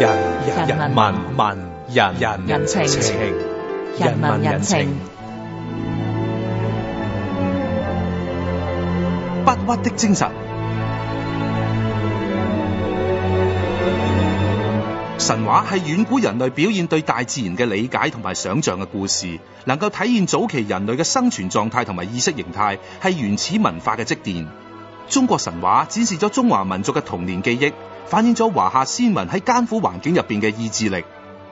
人人人文文人人，人情情，人文人情，不屈的精神。神話係遠古人類表現對大自然嘅理解同埋想象嘅故事，能夠體現早期人類嘅生存狀態同埋意識形態，係原始文化嘅積澱。中國神話展示咗中華民族嘅童年記憶，反映咗華夏先民喺艱苦環境入邊嘅意志力。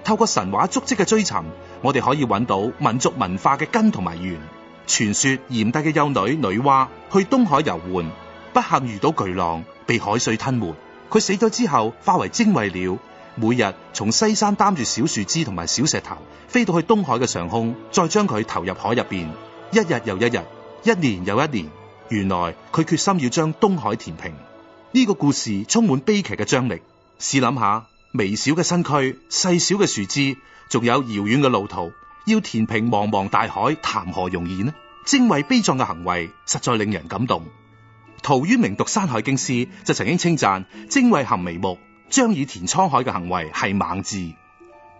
透過神話足跡嘅追尋，我哋可以揾到民族文化嘅根同埋源。傳說炎帝嘅幼女女娃去東海遊玩，不幸遇到巨浪，被海水吞沒。佢死咗之後，化為精衛鳥，每日從西山擔住小樹枝同埋小石頭，飛到去東海嘅上空，再將佢投入海入邊，一日又一日，一年又一年。原來佢決心要將東海填平，呢個故事充滿悲劇嘅張力。試諗下，微小嘅身軀、細小嘅樹枝，仲有遙遠嘅路途，要填平茫茫大海，談何容易呢？精衛悲壯嘅行為，實在令人感動。陶淵明讀《山海經》詩，就曾經稱讚精衛銜微木，將以填滄海嘅行為係猛志。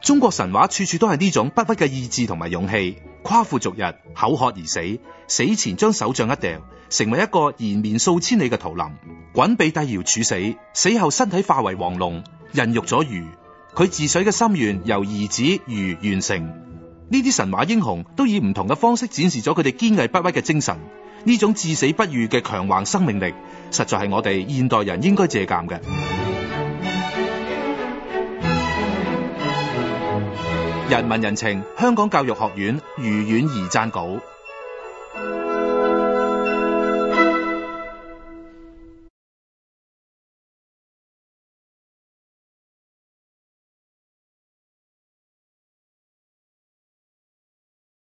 中國神話處處都係呢種不屈嘅意志同埋勇氣。夸父逐日，口渴而死，死前將手杖一掉，成為一個延綿數千里嘅桃林。鯀被帝堯處，處死，死後身體化為黃龍，孕育咗禹。佢治水嘅心願由兒子禹完成。呢啲神話英雄都以唔同嘅方式展示咗佢哋堅毅不屈嘅精神。呢種至死不渝嘅強橫生命力，實在係我哋現代人應該借鑒嘅。人民人情，香港教育學院余婉儀撰稿。